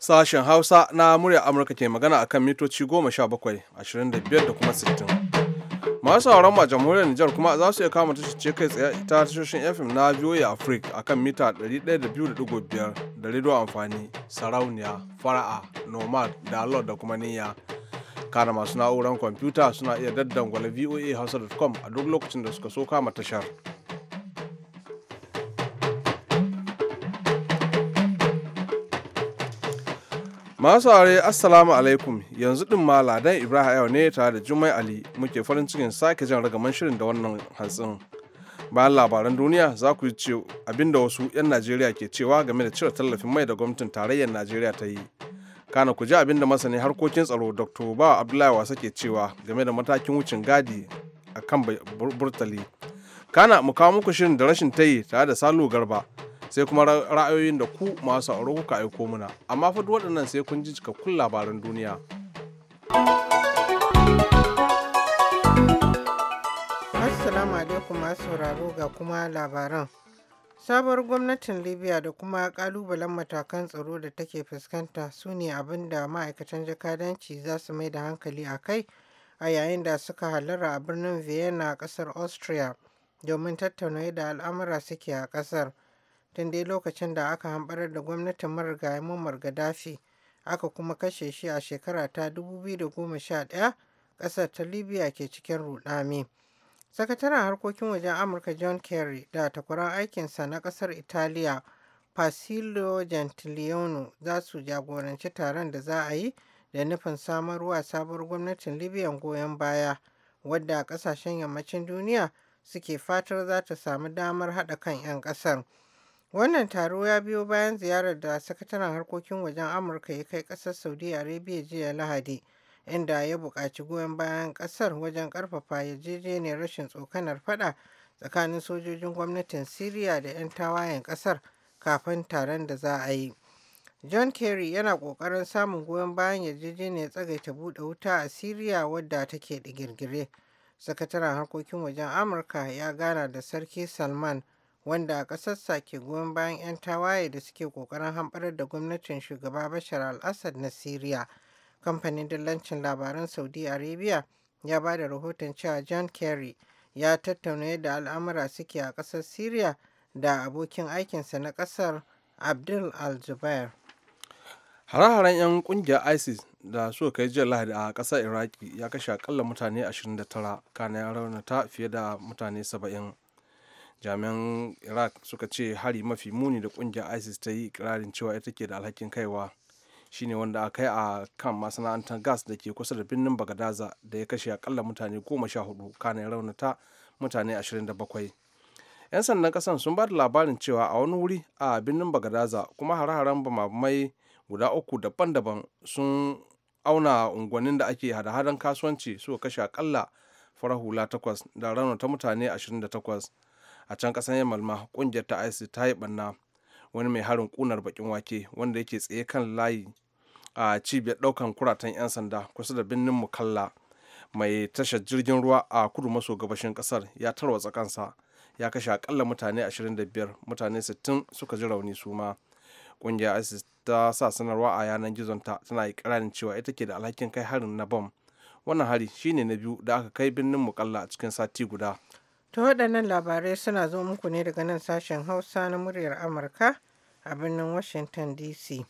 Sashen Hausa na murya Amurka ke magana a kan mitoci 17, 25 da kuma 60. Masu sauran ma jamhuriyar Nijar kuma za su iya kama ce kai tsaye ta tashoshin FM na VOA Africa a kan mita 102.5 da rediyo amfani, sarauniya, fara'a, nomad, lord da kuma niyya. Kana masu na'uran kwamfuta suna iya daddangwala voa hausa.com a duk lokacin da suka so kama tashar. Masu aure Assalamu alaikum yanzu ɗin ma Ladan Ibrahim yau ne tare da Jummai Ali muke farin cikin sake jan ragaman shirin da wannan hantsin. Bayan labaran duniya za ku ce abinda wasu 'yan Najeriya ke cewa game da cire tallafin mai da gwamnatin tarayyar Najeriya ta yi. Kana ku ji abinda masani harkokin tsaro Dr. ba Abdullahi Wasa ke cewa game da matakin wucin gadi a kan burtali. Kana mu kawo muku shirin da rashin ta yi tare da Salu Garba. sai kuma ra'ayoyin da ku masu auro kuka aiko muna amma fa duk waɗannan sai kun ji cikakkun labaran duniya assalamu alaikum masu sauraro ga kuma labaran sabuwar gwamnatin libya da kuma kalubalen matakan tsaro da take fuskanta su ne abin da ma'aikatan jakadanci za su mai da hankali a kai a yayin da suka halarra a birnin vienna a kasar austria domin tattauna da al'amura suke a kasar tun dai lokacin da aka hambarar da gwamnatin marigayi Muammar Gaddafi aka kuma kashe shi a shekara ta 2011 ƙasar ta Libya ke cikin rudami. Sakataren harkokin wajen Amurka John Kerry da takwaran aikinsa na ƙasar Italiya Pasillo Gentileonu za su jagoranci taron da za a yi da nufin samarwa sabuwar gwamnatin Libya goyon baya wadda ƙasashen yammacin duniya suke fatar za ta samu damar haɗa kan 'yan ƙasar. Wannan taro ya biyo bayan ziyarar da Sakataren Harkokin Wajen Amurka ya kai ƙasar Saudi Arabia jiya Lahadi, inda ya buƙaci goyon bayan ƙasar wajen ƙarfafa yarjejeniyar rashin tsokanar faɗa tsakanin sojojin gwamnatin Siriya da 'yan tawayen ƙasar kafin taron da za a yi. John Kerry yana ƙoƙarin samun goyon bayan yarjejeniyar tsagaita buɗe wuta a Siriya wadda take da girgire. Sakataren harkokin wajen Amurka ya gana da Sarki Salman wanda ƙasarsa ke goyon bayan 'yan tawaye da suke ƙoƙarin hamɓarar da gwamnatin shugaba bashar al-assad na syria kamfanin dillancin labaran saudi arabia ya ba da rahoton cewa john kerry ya tattauna yadda al'amura suke a ƙasar syria da abokin aikinsa na ƙasar abdul al-zubair hare-haren 'yan kungiyar isis da suka kai jiya lahadi a ƙasar iraki ya kashe akalla mutane 29 kana ya raunata fiye da mutane 70 jami'an iraq suka ce hari mafi muni da kungiyar isis ta yi ikirarin cewa ita ke da alhakin kaiwa shine wanda aka yi a kan masana'antar gas da ke kusa da birnin bagadaza da ya kashe akalla mutane goma sha hudu kanin raunata mutane 27 'yan sandan kasan sun ba da labarin cewa a wani wuri a birnin bagadaza kuma hare-haren bamamai guda uku daban-daban sun auna unguwannin da ake hada-hadan kasuwanci suka kashe akalla fara hula takwas da raunata mutane 28 a can ƙasar yamal ma kungiyar ta isis ta yi banna wani mai harin kunar bakin wake wanda yake tsaye kan layi a cibiyar ɗaukan kuratan 'yan sanda kusa da birnin mukalla mai tashar jirgin ruwa a kudu maso gabashin kasar ya tarwatsa kansa ya kashe akalla mutane 25 mutane 60 suka ji rauni su ma kungiyar isis ta sa sanarwa a yanar gizonta tana ikirarin cewa ita ke da alhakin kai harin na bom wannan hari shine na biyu da aka kai birnin mukalla a cikin sati guda Ta waɗannan labarai suna zo muku ne daga nan sashen Hausa na muryar Amurka a birnin Washington DC.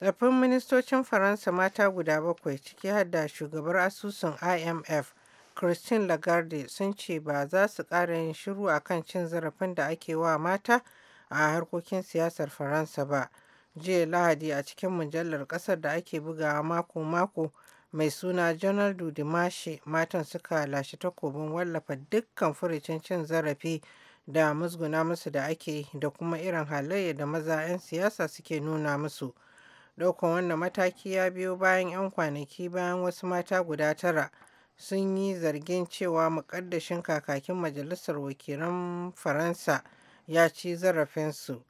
tsaffin ministocin Faransa mata guda bakwai ciki har da shugabar asusun IMF Christine Lagarde sun ce ba za su ƙara yin shiru a kan cin zarafin da ake wa mata a harkokin siyasar Faransa ba. Jiya Lahadi a cikin mujallar ƙasar da ake bugawa mako-mako mai suna janar dudimashi matan suka lashe takobin wallafa dukkan furucin cin zarafi da musguna musu da ake da kuma irin halayya da maza 'yan siyasa suke nuna musu ɗaukan wannan mataki ya biyo bayan 'yan kwanaki bayan wasu mata guda tara sun yi zargin cewa muƙaddashin kakakin majalisar wakilan faransa ya ci zarafinsu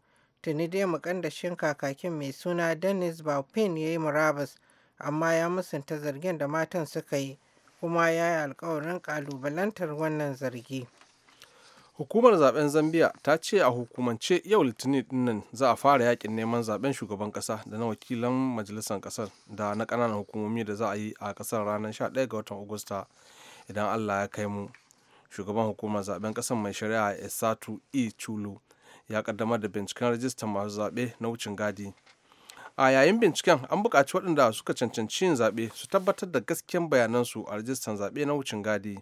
tuni dai mukaddashin kakakin mai suna denis baupin ya yi murabus amma ya musanta zargin da matan suka yi kuma ya yi alkawarin kalubalantar wannan zargi. Hukumar zaben Zambia ta ce a hukumance yau litinin dinnan za a fara yakin neman zaben shugaban kasa da na wakilan majalisar kasar da na kananan hukumomi da za a yi a kasar ranar 11 ga watan Agusta idan Allah ya kai mu. Shugaban hukumar zaben kasar mai shari'a Esatu E. Chulu ya kaddamar da binciken rajistar masu zaɓe na wucin gadi a yayin binciken an buƙaci waɗanda suka cancanci yin zaɓe su tabbatar da gaskiyar bayanansu a rajistan zaɓe na wucin gadi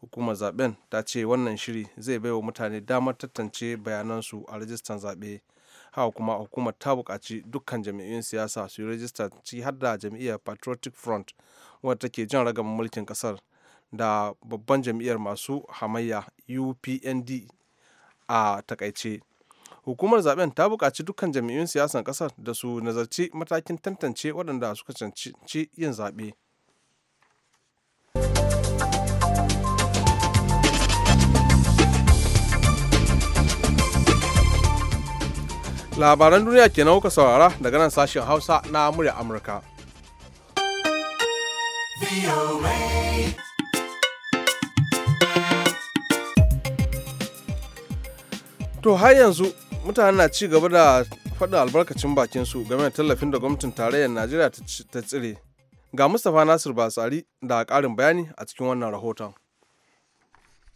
hukumar zaɓen ta ce wannan shiri zai baiwa mutane damar tantance bayanansu a rajistan zaɓe haka kuma hukumar ta buƙaci dukkan jami'in siyasa su yi rajista ciki har da jam'iyyar patriotic front wadda take jan ragaman mulkin ƙasar da babban jam'iyyar masu hamayya upnd a takaice hukumar zaben ta buƙaci dukkan jami'in siyasan ƙasar da su nazarci matakin tantance waɗanda suka cancanci yin zaɓe. labaran duniya kenan kuka saurara daga nan sashen hausa na murya amurka to har yanzu mutane na ci gaba da faɗin albarkacin bakin su game da tallafin da gwamnatin tarayyar najeriya ta tsire ga mustapha nasir basari da ƙarin bayani a cikin wannan rahoton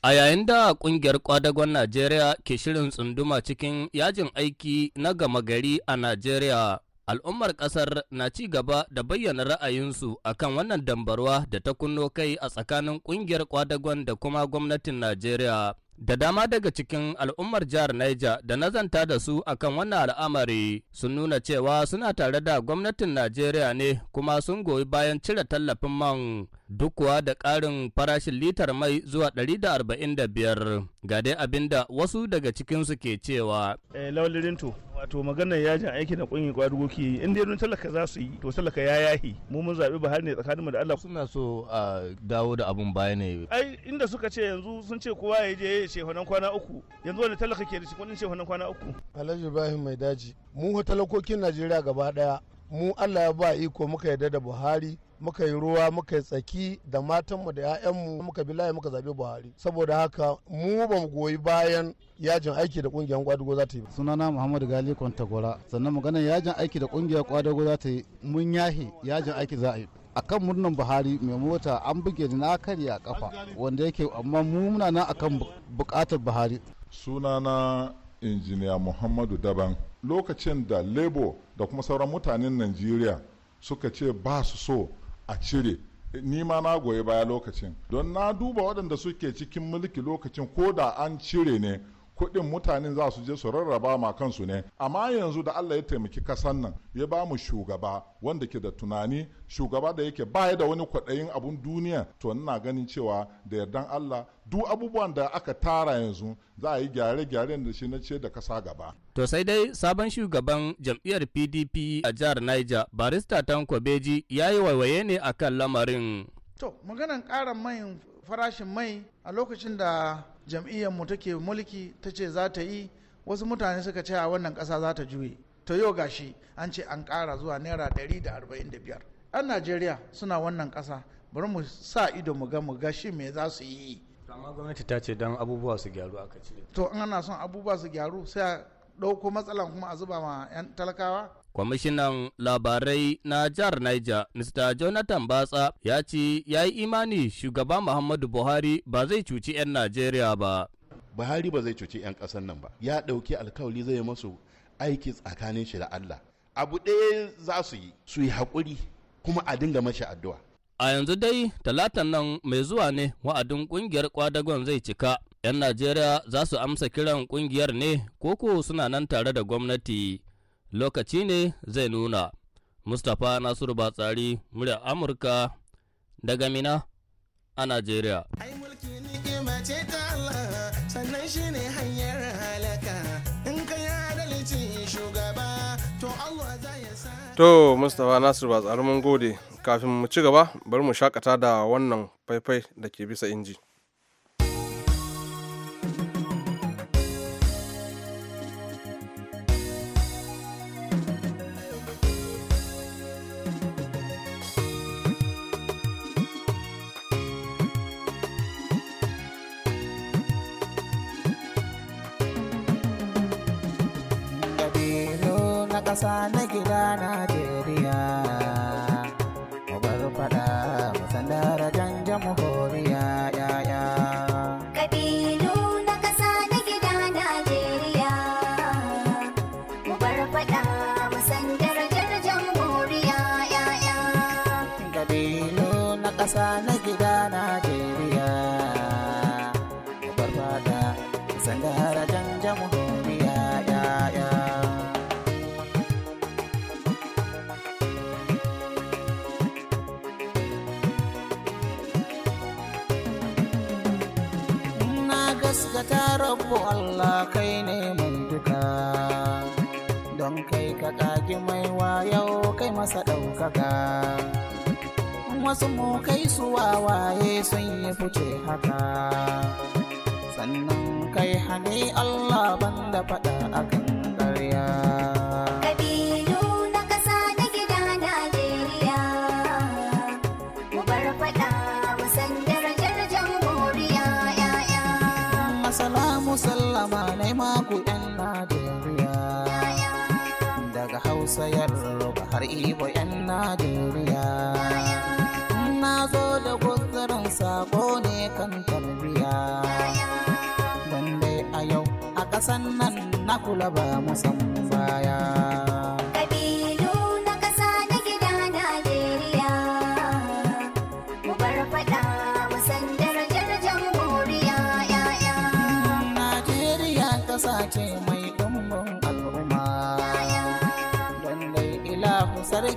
A yayin da ƙungiyar kwadagon Najeriya ke shirin tsunduma cikin yajin aiki na gama gari a Najeriya, al'ummar ƙasar na ci gaba da bayyana ra'ayinsu akan wannan dambarwa da ta kunno kai a tsakanin ƙungiyar kwadagon da kuma gwamnatin Najeriya. Da dama daga cikin al'ummar jihar Niger da nazanta da su akan wannan al'amari sun nuna cewa suna tare da gwamnatin Najeriya ne kuma sun goyi bayan cire tallafin man duk kuwa da ƙarin farashin litar mai zuwa 145 ga dai abin da wasu daga cikinsu ke cewa. Eh, Lawalin wato maganar yajin aiki na ƙungiyar kwadugo ke yi in dai talaka za su yi to talaka ya yahi mu mun zaɓi har ne tsakanin mu da Allah. Suna so a dawo da abun baya ne. Ai inda suka ce yanzu sun ce kowa ya je ya ce kwana uku yanzu wani talaka ke da shi kuɗin ce kwana uku. Alhaji Ibrahim Mai Daji mu talakokin Najeriya gaba ɗaya mu Allah ya ba iko muka yarda da Buhari muka yi ruwa muka yi tsaki da matanmu da 'ya'yanmu muka bi layi muka zaɓi buhari saboda haka mu ba mu goyi bayan yajin aiki da kungiyar kwadago za ta yi sunana muhammadu gali kwantagora sannan maganar yajin aiki da kungiyar kwadago za ta yi mun yahi yajin aiki za a yi akan murnan buhari mai mota an buge ni na karya kafa wanda yake amma mu muna nan akan bukatar buhari sunana injiniya muhammadu daban lokacin da lebo da kuma sauran mutanen najeriya suka ce ba su so a cire ni ma na goyi baya lokacin don na duba waɗanda suke cikin mulki lokacin ko da an cire ne kuɗin mutanen za su je su rarraba ma kansu ne amma yanzu da Allah ya taimaki kasan nan ya ba mu shugaba wanda ke da tunani shugaba da yake baya da wani kwaɗayin abun duniya to ina ganin cewa da yardan Allah duk abubuwan da aka tara yanzu za a yi gyare-gyaren da shi na ce da kasa gaba. To sai dai sabon shugaban jam'iyyar PDP a jihar Niger barista Tanko Beji ya yi waiwaye ne akan lamarin. To maganan ƙarin mai farashin mai a lokacin da jam'iyyar mu take mulki ta ce za ta yi wasu mutane suka ce a wannan ƙasa za ta juye to yau gashi an ce an kara zuwa naira da da arba'in biyar 'yan najeriya suna wannan ƙasa bari mu sa ido mu ga mu ga shi me za su yi amma gwamnati ta ce don abubuwa su gyaru aka cire to in ana son abubuwa su gyaru sai a ɗauko matsalan kuma a zuba ma 'yan talakawa Kwamishinan labarai na jihar Niger, Mr. Jonathan Batsa, ya ce ya yi imani shugaba Muhammadu Buhari ba zai cuci 'yan Najeriya ba. Buhari ba zai cuci 'yan ƙasar nan ba. Ya ɗauki alkawali zai masu aiki tsakanin shi da Allah. Abu ɗaya za su yi, su yi haƙuri kuma a dinga mashi addu'a. A yanzu dai talatan nan mai zuwa ne wa'adin ƙungiyar kwadagon zai cika. 'Yan Najeriya za su amsa kiran ƙungiyar ne koko suna nan tare da gwamnati. lokaci ne zai nuna mustapha nasiru batsari murya amurka daga mina a najeriya ai mulki ni'ima ce ta allah hanyar in shugaba to to mustapha nasiru batsari mun gode kafin mu ci gaba bari mu shakata da wannan faifai da ke bisa inji Najeriya mu bar faɗa mu san darajar jamhuriya ya ya kabilu na ƙasa na gida Najeriya mu bar faɗa mu san darajar jamhuriya ya ya kabilu na na ka ƙagi mai wayo kai masa ɗaukaka wasu mu su wawaye sun yi fice haka sannan kai hane Allah banda faɗa akan ƙarya kabilu na ƙasa na gida Najeriya mu musallama ne maku 'yan Najeriya tausayar har ibo 'yan Najeriya. na zo da guzurin sako ne kan tarbiya don dai a yau a ƙasan nan na kula ba musamman baya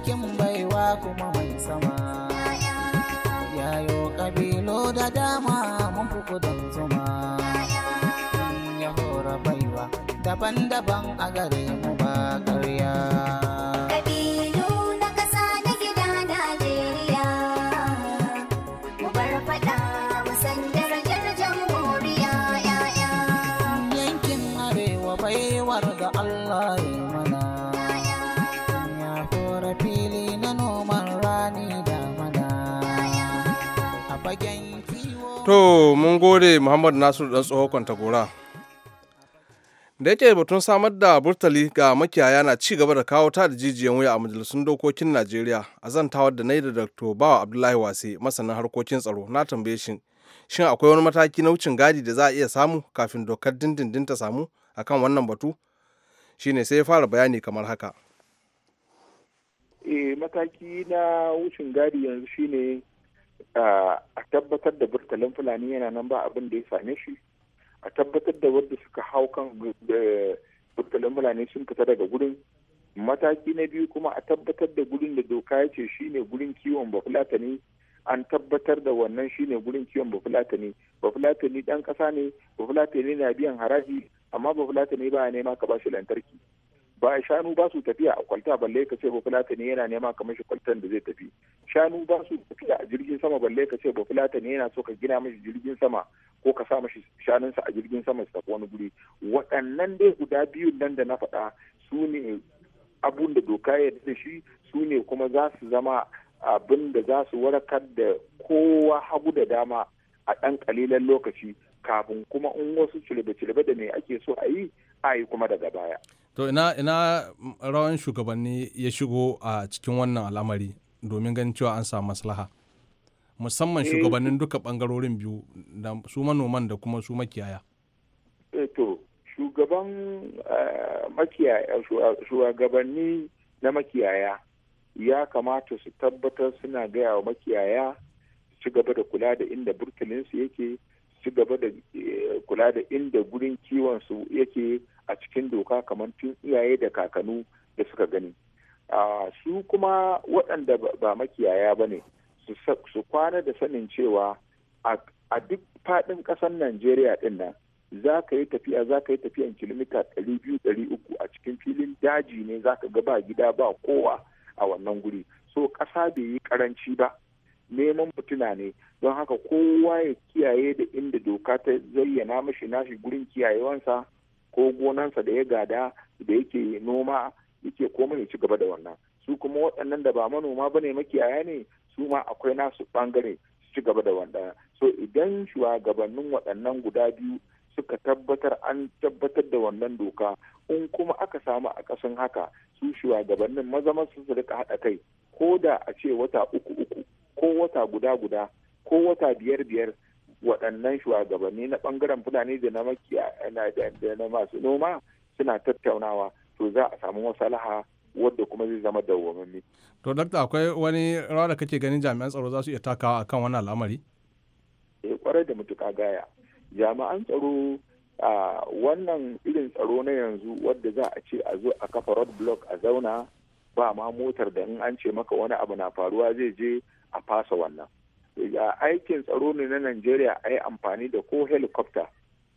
sarkin baiwa kuma mai sama yayo kabilo da dama mun fi kudan zuma ya hora baiwa daban-daban a gare mu ba karya To mun gode Muhammad Nasiru dan tsoho gora. Da yake batun samar da burtali ga makiyaya na ci gaba da kawo ta da jijiyan wuya a majalisun dokokin Najeriya a zantawar da na yi da Dr. Bawa Abdullahi Wase masanin harkokin tsaro na tambaye shi shin akwai wani mataki na wucin gadi da za a iya samu kafin dokar dindindin ta samu akan wannan batu shine sai ya fara bayani kamar haka. e mataki na wucin gadi yanzu shine a tabbatar da burtalin fulani yana nan ba abin da ya same shi a tabbatar da wadda suka hau kan eh, burtalin fulani sun fita daga gurin mataki na biyu kuma a tabbatar da gurin da doka ya ce shine gurin kiwon bafulatani an tabbatar da wannan shine gurin kiwon bafulatani bafulatani dan kasa ne bafulatani na biyan haraji amma bafulatani ba nema ka ba shi lantarki ba shanu ba su tafiya a kwalta balle ka ce ba ne yana nema kamar shi kwaltan da zai tafi shanu ba su tafiya a jirgin sama balle ka ce ba ne yana so ka gina mashi jirgin sama ko ka sa mashi shanunsa a jirgin sama su tafi wani guri waɗannan dai guda biyun nan da na faɗa su ne abun da doka ya da shi su ne kuma za su zama abin da za su warakar da kowa hagu da dama a ɗan ƙalilan lokaci kafin kuma in wasu cilbe-cilbe da me ake so a yi a yi kuma daga baya. to ina ina rawan shugabanni ya shigo a cikin wannan al'amari domin ganin cewa an samu maslaha musamman eh, shugabannin duka bangarorin biyu da su manoman da kuma su makiyaya eh, to shugaban eh, shugabanni na makiyaya ya kamata su tabbatar suna gaya wa makiyaya ci gaba da kula da inda burtalinsu yake ci gaba da kula da inda gurin kiwonsu yake a cikin doka kamar tun iyaye da kakanu da suka gani su kuma waɗanda ba makiyaya ba ne su kwana da sanin cewa a duk faɗin ƙasar najeriya ɗin nan za ka yi tafiya za ka yi tafiyan kilomita ɗari biyu uku a cikin filin daji ne za ka ga ba gida ba kowa a wannan guri so ƙasa bai yi karanci ba neman mutuna ne don haka kowa ya kiyaye da inda doka ta zayyana mashi nashi gurin kiyayewansa ko gonansa da ya gada da yake noma yake komai ya ci gaba da wannan su kuma waɗannan da ba manoma ba ne makiyaya ne su ma akwai nasu ɓangare su ci gaba da wannan so idan shugabannin waɗannan guda biyu suka tabbatar an tabbatar da wannan doka in kuma aka samu a ƙasan haka su shugabannin maza masu su rika haɗa kai ko da a ce wata uku uku ko wata guda guda ko wata biyar biyar waɗannan shugabanni na ɓangaren fulani da na makiya da na masu noma suna tattaunawa to za a samu masalaha wadda kuma zai zama dawwamanni. To dakta akwai wani rawa da kake ganin jami'an tsaro za su iya takawa a kan wannan al'amari? Eh kwarai da mutuka gaya. Jami'an tsaro a wannan irin tsaro na yanzu wadda za a ce a zo a kafa road block a zauna ba ma motar da in an ce maka wani abu na faruwa zai je a fasa wannan. aikin tsaro ne na najeriya a yi amfani da ko helikopta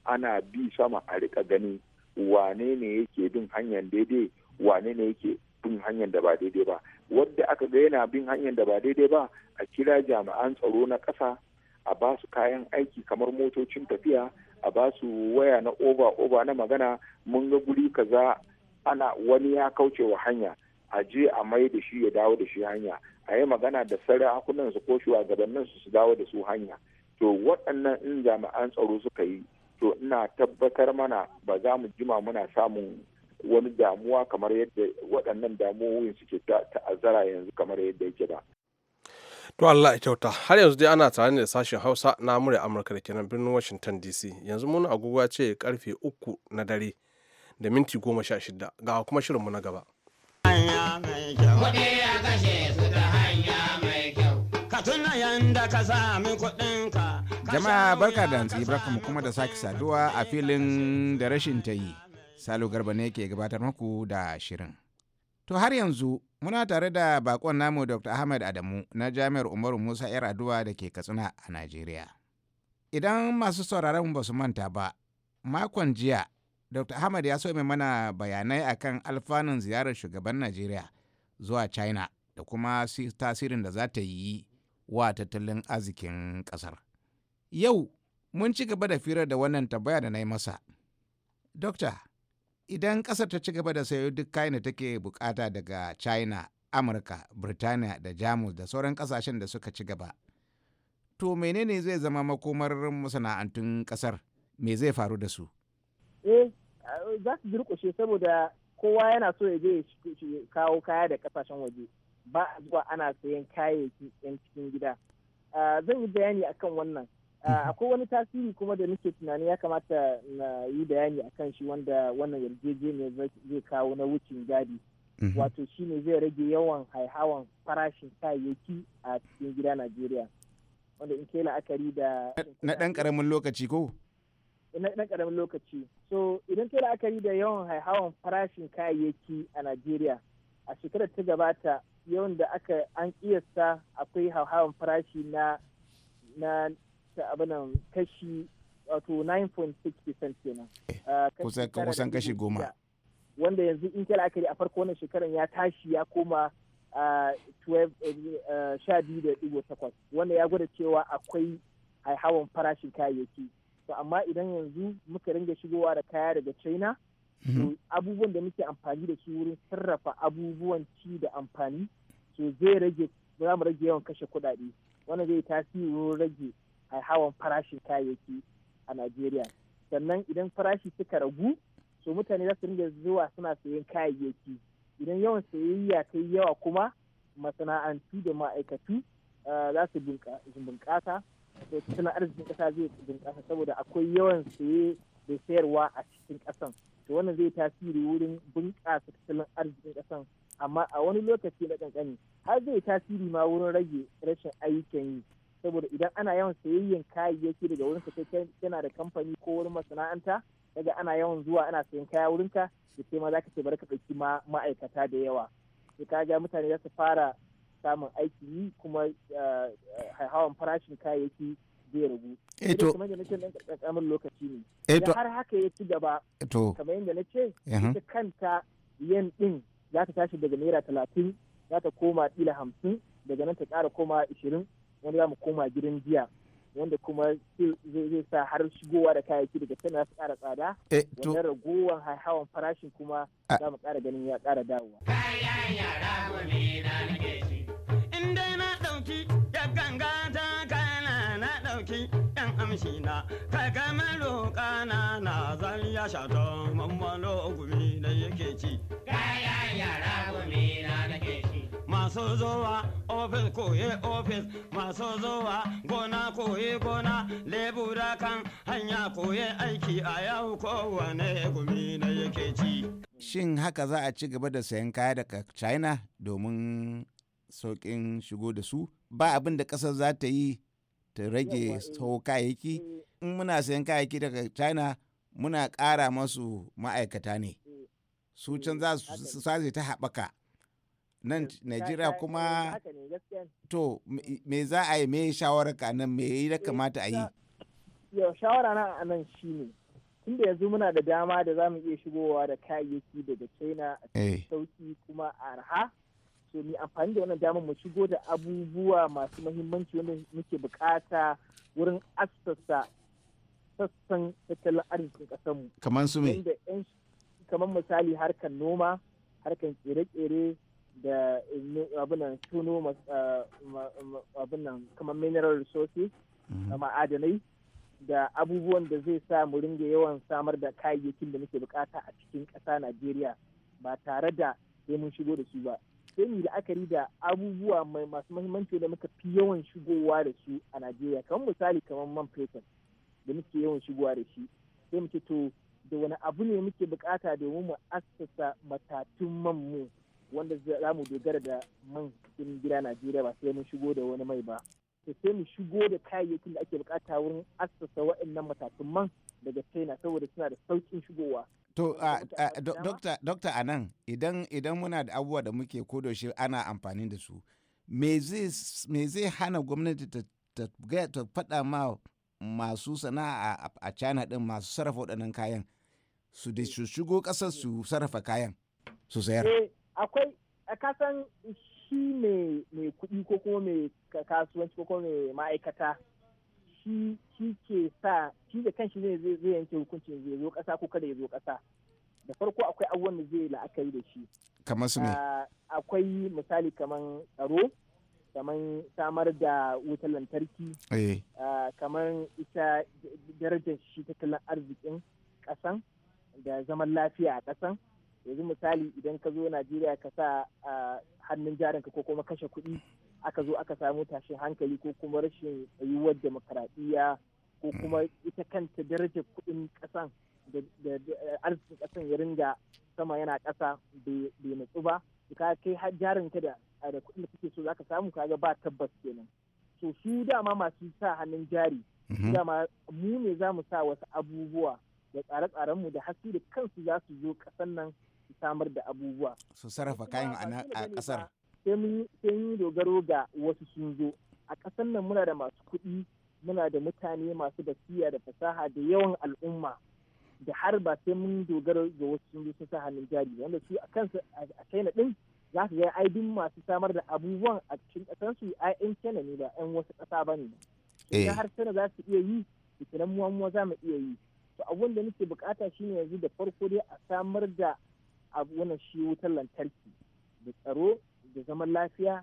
ana bi sama a rika gani wane ne yake bin hanyar daidai wane ne yake bin hanyar da ba daidai ba wadda aka ga yana bin hanyar da ba daidai ba a kira jami'an tsaro na ƙasa a ba su kayan aiki kamar motocin tafiya a ba su waya na over over na magana mun ga guri kaza ana wani ya kauce wa hanya a je a mai da shi ya dawo da shi hanya a yi magana da hakunan su ko shugabannin su su dawo da su hanya to waɗannan in jami'an tsaro suka yi to ina tabbatar mana ba za mu jima muna samun wani damuwa kamar yadda waɗannan damuwoyin suke ta'azzara yanzu kamar yadda yake ba. To Allah ya kyauta har yanzu dai ana tare da sashen Hausa na murya Amurka da kenan birnin Washington DC yanzu mun agogo ce karfe uku na dare da minti goma sha shida ga kuma shirinmu na gaba. Jama'a barka da hantsi barkamu kuma da sake saduwa a filin da rashin ta yi. Salo Garba ne ke gabatar muku da shirin. To har yanzu muna tare da bakon namu Dr. ahmed Adamu na Jami'ar Umaru Musa 'yar Aduwa da ke Katsina a Najeriya. Idan masu sauraron ba su manta ba, makon jiya Dr. ahmed ya so mai mana bayanai akan alfanun ziyarar shugaban Najeriya zuwa China da kuma tasirin da za ta yi wa tattalin arzikin ƙasar. Yau mun ci gaba da firar da wannan tambaya da na yi masa. Dokta, idan ƙasar ta ci gaba da sayo duk kayan da take bukata daga China, Amurka, Birtaniya da Jamus da sauran ƙasashen da suka ci gaba, to menene zai zama makomar masana'antun ƙasar? Me zai faru da su? Eh, za su durƙushe saboda kowa yana so ya je kawo kaya da ƙasashen waje. ba a zuwa ana sayan kayayyaki 'yan cikin gida ah, zan yi bayani akan wannan ah, mhm. akwai wani tasiri kuma da nake tunani ya kamata na yi bayani akan shi wanda wannan yarjejeniyar zai kawo na wucin gadi mhm. wato shi ne zai rage yawan haihawan farashin kayayyaki a cikin gida najeriya wanda in kai la'akari da na ɗan ƙaramin lokaci ko na ɗan ƙaramin lokaci so idan kai la'akari da yawan haihawan farashin kayayyaki a najeriya a shekarar ta gabata yawan da aka an kiyasta akwai hauhawan farashi na na abinan kashi wato 9.6% kenan eh, ah, kusan kashi goma wanda yanzu in kai yi a farko wannan shekarar ya tashi ya koma ah, eh, ah, sha biyu da wanda ya gwada cewa akwai hauhawan farashin kayayyaki to amma idan yanzu muka ringa shigowa da kaya daga china Mhm. abubuwan da muke amfani da su wurin sarrafa abubuwan ci da amfani so zai rage za mu rage yawan kashe kuɗaɗe wannan zai tasiri wurin rage hawan farashin kayayyaki a Najeriya sannan idan farashi suka ragu so mutane za su ringa zuwa suna sayen kayayyaki idan yawan sayayya ta yi yawa kuma masana'antu da ma'aikatu ah, za su bunƙasa tattalin arzikin ƙasa zai bunƙasa saboda akwai yawan saye da sayarwa a cikin ƙasan da wannan zai tasiri wurin bunƙasa tattalin arzikin ƙasan amma a wani lokaci na ƙanƙani har zai tasiri ma wurin rage rashin aikin yi saboda idan ana yawan sayayyen kayayyaki daga wurin kai yana da kamfani ko wurin masana'anta daga ana yawan zuwa ana sayan kaya ka da kai ma za ka ce bari ka ɗauki ma'aikata da yawa sai ka ga mutane za su fara samun aiki yi kuma eh, hawan farashin kayayyaki zai ragu eto eh, kamar yadda nake nan karkamin lokaci ne eto eh, har haka ya ci gaba eto eh, kamar yadda nace uh-huh. ita kanta yen ɗin za ta tashi daga naira talatin za ta koma kila hamsin daga nan ta ƙara koma ishirin wanda za mu koma gidan jiya wanda kuma zai sa har shigowa da kayayyaki daga can za su ƙara tsada wannan ragowar hawan farashin kuma ah. za mu ƙara ganin ya ƙara dawowa. Kayan yara gobe nake shi. In dai na ɗauki ya ganga kamshina kai na zan ya shato mammalo gumi da yake ci kaya yara gumi na nake masu zuwa ofis koye ofis masu zuwa gona koye gona lebura kan hanya koye aiki a yau kowane gumi na yake ci shin haka za a ci gaba da sayan kaya daga china domin sauƙin shigo da su ba abin da ƙasar za ta yi ta rage sau eh. kayayyaki eh. in muna sayan kayayyaki daga china muna kara masu ma'aikata ne eh. su can za su sace ta haɓaka nan nigeria kuma to me za a yi me shawarar ka nan me ya kamata a yi yau shawara na a nan shi ne. tunda yanzu muna da dama da za mu iya shigowa da kayayyaki daga china a sauki kuma a arha so ni amfani da wannan damar mu shigo da abubuwa masu mahimmanci wanda muke bukata wurin assasa sassan tattalin arzikin mu Kamar su me? Kamar misali harkar noma, harkar tsere-tsere da eh, abinan tuno eh, abinan kamar mineral resources, mhm. ma'adanai da abubuwan da zai sa mu ringa yawan samar da kayayyakin da muke bukata a cikin ƙasa Najeriya ba tare da sai mun shigo da su ba. sai mu la'akari da abubuwa mai masu mahimmanci da muka fi yawan shigowa da su a Najeriya kamar misali kamar man fetur da muke yawan shigowa da shi sai mu ce to da wani abu ne muke bukata domin mu assasa matatun man mu wanda za mu dogara da man cikin gida Najeriya ba sai mun shigo da wani mai ba to sai mu shigo da kayayyakin da ake bukata wurin assasa waɗannan matatun man daga China saboda suna da sauƙin shigowa To, Dokta a nan, idan muna da abubuwa da muke kodoshe ana amfani da su, me zai hana gwamnati ta faɗa ma masu sana'a a China ɗin masu sarrafa waɗannan kayan su da su shigo ƙasar su sarrafa kayan su sayar? Eh, akwai, kasan shi mai kuɗi ko kuma mai kasuwanci ko kuma mai ma'aikata shi shi ke sa shi da kanshi zai zai yanke hukuncin zai zo kasa ko kada ya zo kasa da farko akwai abubuwan da zai la'akari da shi kamar su ne ah, akwai misali kamar tsaro kamar samar da wutar lantarki eh. ah, kamar ita darajar shi tattalin arzikin kasan da zaman lafiya a kasan yanzu misali idan ka zo najeriya ka sa ah, hannun jarinka ko kuma kashe kuɗi aka zo aka samu tashin hankali ko kuma rashin yiwuwar demokaradiyya ko hmm. kuma ita kanta darajar kudin ƙasan da eh, arzikin ƙasan ya ringa sama yana kasa bai nutsu ba ka kai jarin ka da kudin da kake so za ka samu kaga ba tabbas kenan so su dama masu sa hannun jari hmm. dama mu ne za mu sa wasu abubuwa da tsare tsaren mu da haske da kansu za su zo sannan nan su samar da abubuwa su sarrafa kayan a kasar sai mun yi dogaro ga wasu sun zo a ƙasar nan muna da masu kuɗi muna da mutane masu basira da fasaha da yawan al'umma da har ba sai mun dogaro ga wasu sun sun sa hannun jari wanda su a kansu a china din za su ga aibin masu samar da abubuwan a cikin ƙasar su a yan china ne ba yan wasu ƙasa ba ne eh. idan har china za su iya yi fitinan muwa muwa za mu iya yi to abun da nake bukata shine yanzu da farko dai a samar da abu wannan shi wutar lantarki da tsaro da zaman lafiya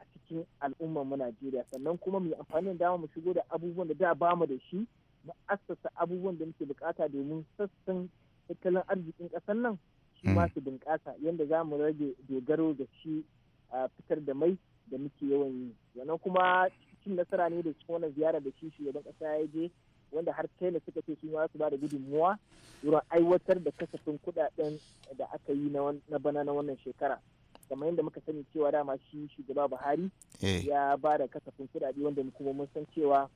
a cikin al'ummar mu Najeriya sannan kuma mu yi amfani da dama mu shigo da abubuwan da da ba mu da shi mu assasa abubuwan da muke bukata domin sassan tattalin arzikin ƙasar nan shi ma mm. su bunƙasa yadda za mu rage dogaro da shi fitar da mai da muke yawan yi sannan kuma cikin nasara ne da cikin wannan ziyara da shi shugaban ƙasa ya je wanda har china suka ce su ma su ba da gudunmuwa wurin aiwatar da kasafin kudaden da aka yi na bana na wannan shekara kamar yadda muka sani cewa dama shi shugaba buhari eh. ya ba da kasafin kudade wanda kuma mun san cewa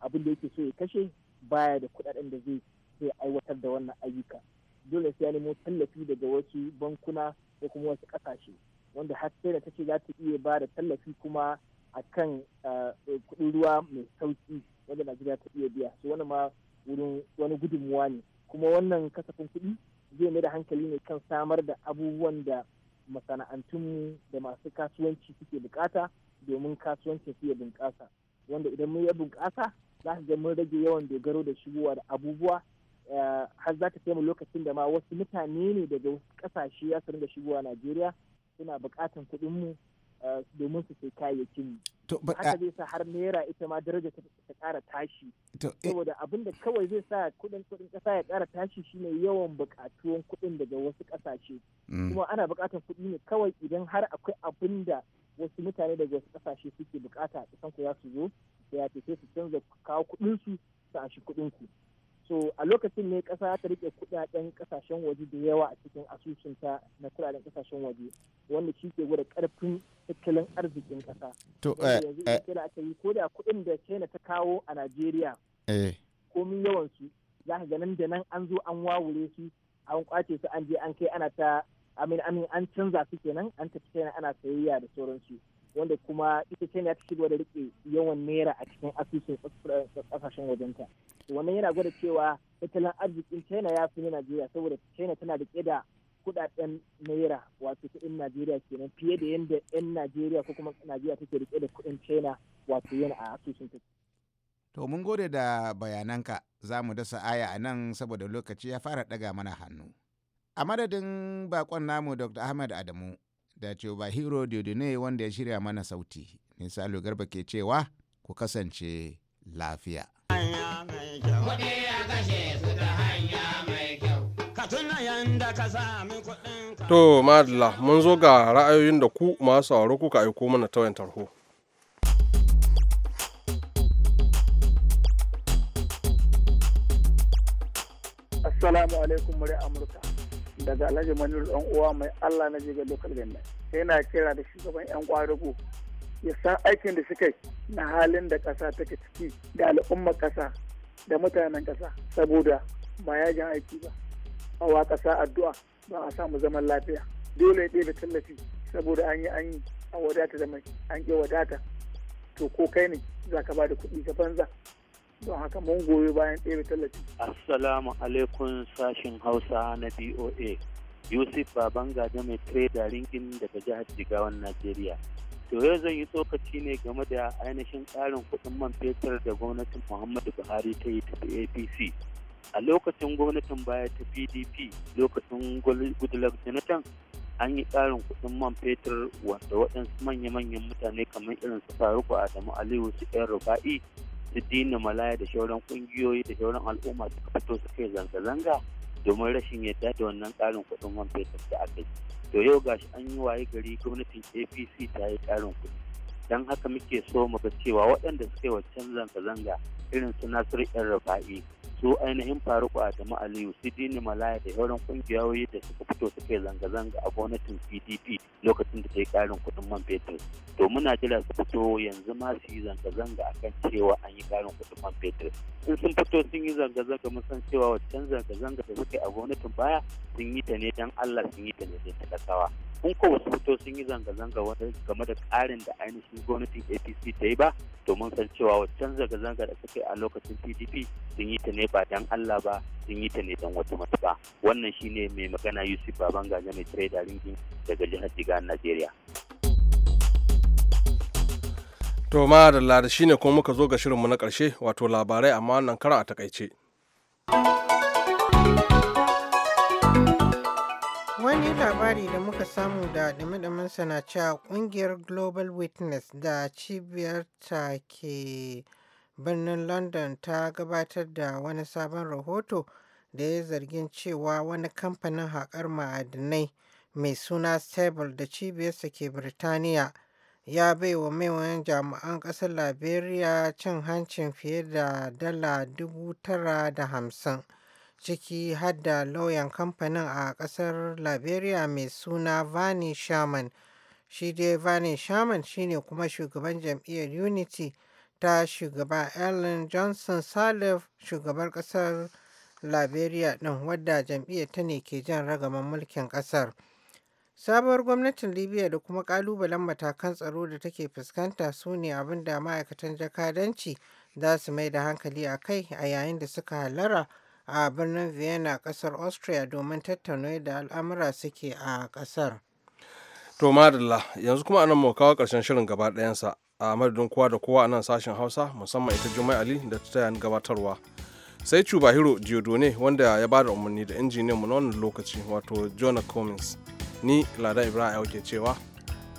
abin da yake so ya kashe baya da kudaden da zai zai aiwatar da wannan ayyuka dole sai ya nemo tallafi daga wasu bankuna ko kuma wasu kasashe wanda har sai da tace za ta iya ba da tallafi kuma a kan kudin ruwa mai sauki wanda najeriya ta iya biya su wani ma wurin wani gudunmuwa ne kuma wannan kasafin kuɗi zai mai da hankali ne kan samar da abubuwan da masana'antunmu da masu kasuwanci suke bukata domin kasuwanci su ya bunƙasa wanda idan mun ya bunƙasa za su mun rage yawan dogaro da shigowa da abubuwa eh, har za ta mu lokacin da ma wasu mutane ne daga wasu ƙasashe ya su da shigowa najeriya suna buƙatan kuɗinmu eh, domin su sai kayayyakinmu to haka uh, zai sa har naira ita ma daraja ta kara tashi eh, saboda abin da kawai zai sa kudin kudin kasa ya kara tashi shine yawan bukatuwan kudin daga wasu kasashe mm. kuma ana bukatar kudi ne kawai idan har akwai abin da wasu mutane daga wasu kasashe suke bukata a kasan ku za su zo da ya sai su canza kawo kudin su su ashi kudin ku so a lokacin ne kasa ta rike kudaden kasashen waje da yawa a cikin asusunta na kudaden kasashen waje wanda shi ke gwada karfin tattalin arzikin kasa to eh kira yi ko da kuɗin da china ta kawo a najeriya eh. komin yawan su za ka ganin da nan an zo an wawure su an kwace su an je an kai ana ta amin amin an canza su kenan an tafi china ana sayayya da sauransu wanda kuma ita ne ta shigo da rike yawan naira a cikin asusun kasashen wajenta wannan yana gwada cewa tattalin arzikin china ya fi na najeriya saboda china tana da da kudaden naira wato kuɗin najeriya kenan fiye da yadda 'yan najeriya ko kuma najeriya take rike da kuɗin china wato yana a asusun ta To mun gode da bayananka za mu dasa aya a nan saboda lokaci ya fara daga mana hannu. A madadin bakon namu Dr. ahmed Adamu da dodo ne wanda ya shirya mana sauti. Nisa Garba ke cewa ku kasance lafiya. To madalla mun zo ga ra'ayoyin da ku masu sauraro kuka aiko mana ta tarho. Assalamu alaikum murya Amurka. daga alhaji manir dan uwa mai allah na jiga lokal gannan yana kira da shugaban yan kwarugu ya san aikin da suka yi na halin da ƙasa take ciki da al'ummar ƙasa da mutanen ƙasa saboda ba yajin aiki ba awa ƙasa addu'a ba a samu zaman lafiya dole ya ɗebe tallafi saboda an yi an yi a wadata da mai an ƙi wadata to ko kai ne za ka ba da kuɗi ka banza don haka mun goyi bayan tsere tallafi. Assalamu alaikum sashin Hausa na BOA. Yusuf baban Gada mai da ringin daga jihar Jigawan Najeriya. To yau zan yi tsokaci ne game da ainihin tsarin kuɗin man fetur da gwamnatin Muhammadu Buhari ta yi ta APC. A lokacin gwamnatin baya ta PDP lokacin Goodluck Jonathan an yi tsarin kuɗin man fetur wanda waɗansu manya-manyan mutane kamar irin su Faruku Adamu Aliyu su 'yan Rufa'i siddinin dina malaya da shauran kungiyoyi da shauran al'umma suka fito suka yi zanga-zanga domin rashin yadda da wannan ƙarin kuɗin man fetur da aka yi to yau gashi an yi waye gari gwamnatin apc ta yi karin kuɗi don haka muke so mu ga cewa waɗanda suka yi waccan zanga-zanga irin su nasiru yan rafa'i su ainihin faruku a jama'a aliyu sidini malaya da sauran kungiyoyi da suka fito suka yi zanga-zanga a gwamnatin pdp lokacin da ta yi karin kudin man fetur to muna jira su fito yanzu ma su yi zanga-zanga akan cewa an yi karin kudin man fetur in sun fito sun yi zanga-zanga mun san cewa wancan zanga-zanga da suka yi a gwamnatin baya sun yi ta ne dan allah sun yi ta ne don talakawa in ko wasu fito sun yi zanga-zanga wata game da karin da ainihin gwamnatin apc ta yi ba to mun san cewa wancan zanga-zanga da suka yi a lokacin pdp sun yi ta ne ba dan Allah ba sun yi ta ne don wata matuƙa wannan shine mai magana Yusuf Babangaje mai da ringin daga jihar Jigar Najeriya. To ma da lada shine kuma muka zo ga shirinmu na karshe wato labarai amma wannan kara a takaice. Wani labari da muka samu da dame duminsa na cewa ƙungiyar Global Witness da cibiyar ta ke birnin london ta gabatar da wani sabon rahoto da ya zargin cewa wani kamfanin haƙar ma'adinai mai suna stable da cibiyarsa ke birtaniya ya bai wa maiwayan jami'an ƙasar liberia cin hancin fiye da dala dubu tara da hamsin ciki hadda lauyan kamfanin a ƙasar liberia mai suna vani shaman shi dai vani shaman shine kuma shugaban jam'iyyar unity ta shugaba Ellen Johnson Sirleaf shugabar kasar Liberia ɗin wadda jam'iyyar ta ne ke jan ragaman mulkin kasar. Sabuwar gwamnatin Libya da kuma ƙalubalen matakan tsaro da take fuskanta su ne abin da ma'aikatan jakadanci za su mai da hankali a kai a yayin da suka halara a birnin Vienna ƙasar Austria domin tattauna da al'amura suke a ƙasar. To madalla yanzu kuma anan mu kawo ƙarshen shirin gaba ɗayansa a madadin kowa da kowa a nan sashen hausa musamman ita jumai ali da ta taya gabatarwa sai cubahiro diodone wanda ya ba da umarni da injiniyan mu na wannan lokaci wato jonah cummins ni lada ibrahim ke cewa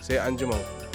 sai an jima mu.